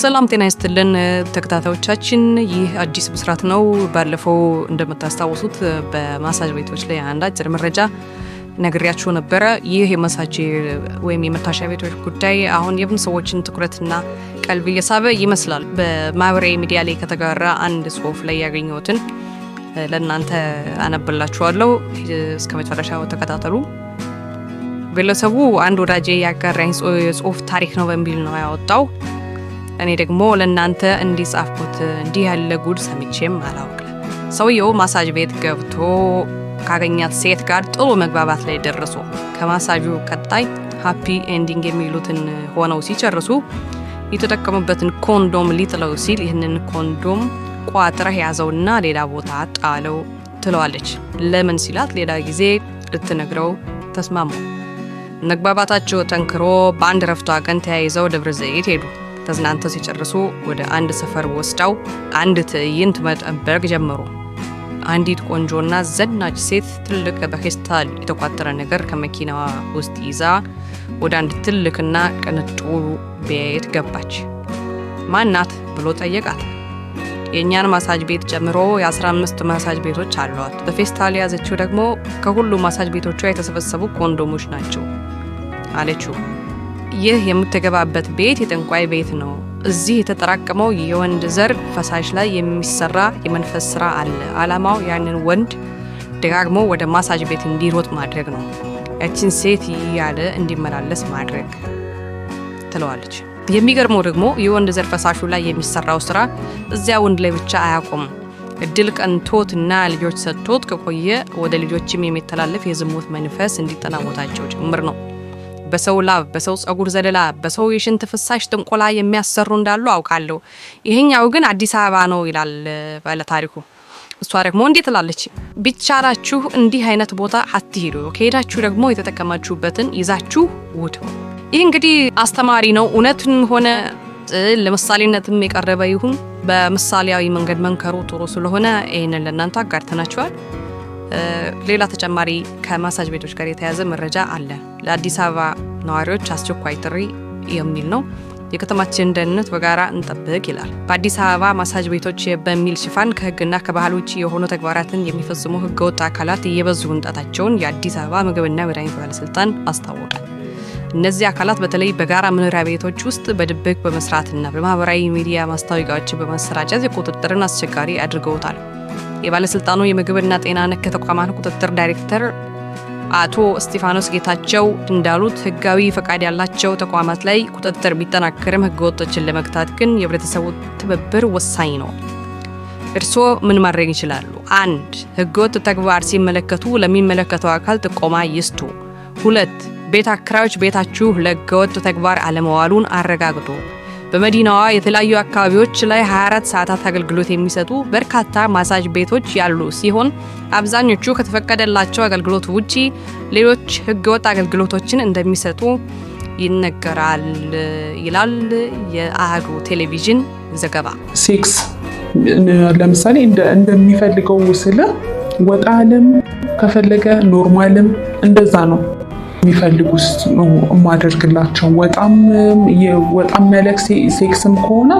ሰላም ጤና ይስትልን ተከታታዮቻችን፣ ይህ አዲስ ብስራት ነው። ባለፈው እንደምታስታውሱት በማሳጅ ቤቶች ላይ አንድ አጭር መረጃ ነግሬያችሁ ነበረ። ይህ የመሳጅ ወይም የመታሻ ቤቶች ጉዳይ አሁን የብዙ ሰዎችን ትኩረትና ቀልብ እየሳበ ይመስላል። በማህበራዊ ሚዲያ ላይ ከተጋራ አንድ ጽሁፍ ላይ ያገኘሁትን ለእናንተ አነብላችኋለሁ። እስከ መጨረሻው ተከታተሉ። ግለሰቡ አንድ ወዳጄ ያጋራኝ የጽሁፍ ታሪክ ነው በሚል ነው ያወጣው እኔ ደግሞ ለእናንተ እንዲጻፍኩት እንዲህ ያለ ጉድ ሰምቼም አላውቅም። ሰውየው ማሳጅ ቤት ገብቶ ካገኛት ሴት ጋር ጥሩ መግባባት ላይ ደርሶ ከማሳጁ ቀጣይ ሃፒ ኤንዲንግ የሚሉትን ሆነው ሲጨርሱ የተጠቀሙበትን ኮንዶም ሊጥለው ሲል ይህንን ኮንዶም ቋጥረህ ያዘውና ሌላ ቦታ ጣለው ትለዋለች። ለምን ሲላት ሌላ ጊዜ ልትነግረው ተስማሙ። መግባባታቸው ጠንክሮ በአንድ ረፍቷ ቀን ተያይዘው ደብረ ዘይት ሄዱ። ተዝናንተው ሲጨርሱ ወደ አንድ ሰፈር ወስደው አንድ ትዕይንት መጠበቅ ጀመሩ። አንዲት ቆንጆና ዘናች ሴት ትልቅ በፌስታል የተቋጠረ ነገር ከመኪናዋ ውስጥ ይዛ ወደ አንድ ትልቅና ቅንጡ ቤት ገባች። ማናት ብሎ ጠየቃት። የእኛን ማሳጅ ቤት ጨምሮ የ15 ማሳጅ ቤቶች አሏት። በፌስታል የያዘችው ደግሞ ከሁሉ ማሳጅ ቤቶቿ የተሰበሰቡ ኮንዶሞች ናቸው አለችው። ይህ የምትገባበት ቤት የጠንቋይ ቤት ነው። እዚህ የተጠራቀመው የወንድ ዘር ፈሳሽ ላይ የሚሰራ የመንፈስ ስራ አለ። አላማው ያንን ወንድ ደጋግሞ ወደ ማሳጅ ቤት እንዲሮጥ ማድረግ ነው። ያችን ሴት እያለ እንዲመላለስ ማድረግ ትለዋለች። የሚገርመው ደግሞ የወንድ ዘር ፈሳሹ ላይ የሚሰራው ስራ እዚያ ወንድ ላይ ብቻ አያቆም። እድል ቀንቶት እና ልጆች ሰጥቶት ከቆየ ወደ ልጆችም የሚተላለፍ የዝሙት መንፈስ እንዲጠናወታቸው ጭምር ነው። በሰው ላብ፣ በሰው ጸጉር ዘለላ፣ በሰው የሽንት ፍሳሽ ጥንቆላ የሚያሰሩ እንዳሉ አውቃለሁ። ይሄኛው ግን አዲስ አበባ ነው ይላል ባለ ታሪኩ። እሷ ደግሞ እንዴት ትላለች? ቢቻላችሁ እንዲህ አይነት ቦታ አትሄዱ፣ ከሄዳችሁ ደግሞ የተጠቀማችሁበትን ይዛችሁ ውድ። ይህ እንግዲህ አስተማሪ ነው። እውነትም ሆነ ለምሳሌነትም የቀረበ ይሁን በምሳሌያዊ መንገድ መንከሩ ጥሩ ስለሆነ ይህንን ለእናንተ አጋርተናችኋል። ሌላ ተጨማሪ ከማሳጅ ቤቶች ጋር የተያዘ መረጃ አለ። ለአዲስ አበባ ነዋሪዎች አስቸኳይ ጥሪ የሚል ነው። የከተማችንን ደህንነት በጋራ እንጠብቅ ይላል። በአዲስ አበባ ማሳጅ ቤቶች በሚል ሽፋን ከህግና ከባህል ውጭ የሆኑ ተግባራትን የሚፈጽሙ ህገወጥ አካላት እየበዙ መምጣታቸውን የአዲስ አበባ ምግብና መድኃኒት ባለስልጣን አስታወቀ። እነዚህ አካላት በተለይ በጋራ መኖሪያ ቤቶች ውስጥ በድብቅ በመስራትና በማህበራዊ ሚዲያ ማስታወቂያዎችን በማሰራጨት የቁጥጥርን አስቸጋሪ አድርገውታል። የባለሥልጣኑ የምግብና ጤና ነክ ተቋማት ቁጥጥር ዳይሬክተር አቶ እስጢፋኖስ ጌታቸው እንዳሉት ህጋዊ ፈቃድ ያላቸው ተቋማት ላይ ቁጥጥር ቢጠናከርም ህገወጦችን ለመግታት ግን የህብረተሰቡ ትብብር ወሳኝ ነው። እርስዎ ምን ማድረግ ይችላሉ? አንድ ሕገወጥ ተግባር ሲመለከቱ ለሚመለከተው አካል ጥቆማ ይስጡ። ሁለት ቤት አከራዮች ቤታችሁ ለህገወጥ ተግባር አለመዋሉን አረጋግጡ። በመዲናዋ የተለያዩ አካባቢዎች ላይ 24 ሰዓታት አገልግሎት የሚሰጡ በርካታ ማሳጅ ቤቶች ያሉ ሲሆን አብዛኞቹ ከተፈቀደላቸው አገልግሎት ውጪ ሌሎች ህገወጥ አገልግሎቶችን እንደሚሰጡ ይነገራል ይላል የአህዱ ቴሌቪዥን ዘገባ። ሴክስ ለምሳሌ እንደሚፈልገው ስለ ወጣ አለም ከፈለገ ኖርማልም እንደዛ ነው። የሚፈልጉ ውስጥ ነው የማደርግላቸው። ወጣም ያለ ሴክስም ከሆነ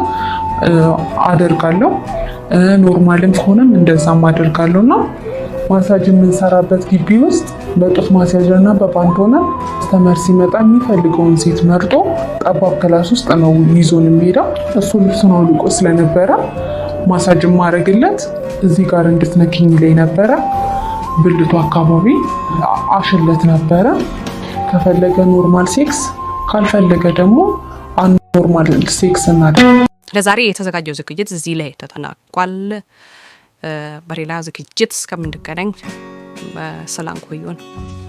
አደርጋለሁ፣ ኖርማልም ከሆነም እንደዛም አደርጋለሁ እና ማሳጅ የምንሰራበት ግቢ ውስጥ በጡት ማስያዣ እና በባንድ ሆነ ስተመር ሲመጣ የሚፈልገውን ሴት መርጦ ጠባብ ክላስ ውስጥ ነው ይዞን የሚሄደው። እሱ ልብሱን አውልቆ ስለነበረ ማሳጅ ማድረግለት እዚህ ጋር እንድትነኪኝ ላይ ነበረ። ብልቱ አካባቢ አሽለት ነበረ። ከፈለገ ኖርማል ሴክስ ካልፈለገ ደግሞ ኖርማል ሴክስ እናደርግ። ለዛሬ የተዘጋጀው ዝግጅት እዚህ ላይ ተጠናቋል። በሌላ ዝግጅት እስከምንገናኝ ሰላም ቆዩን።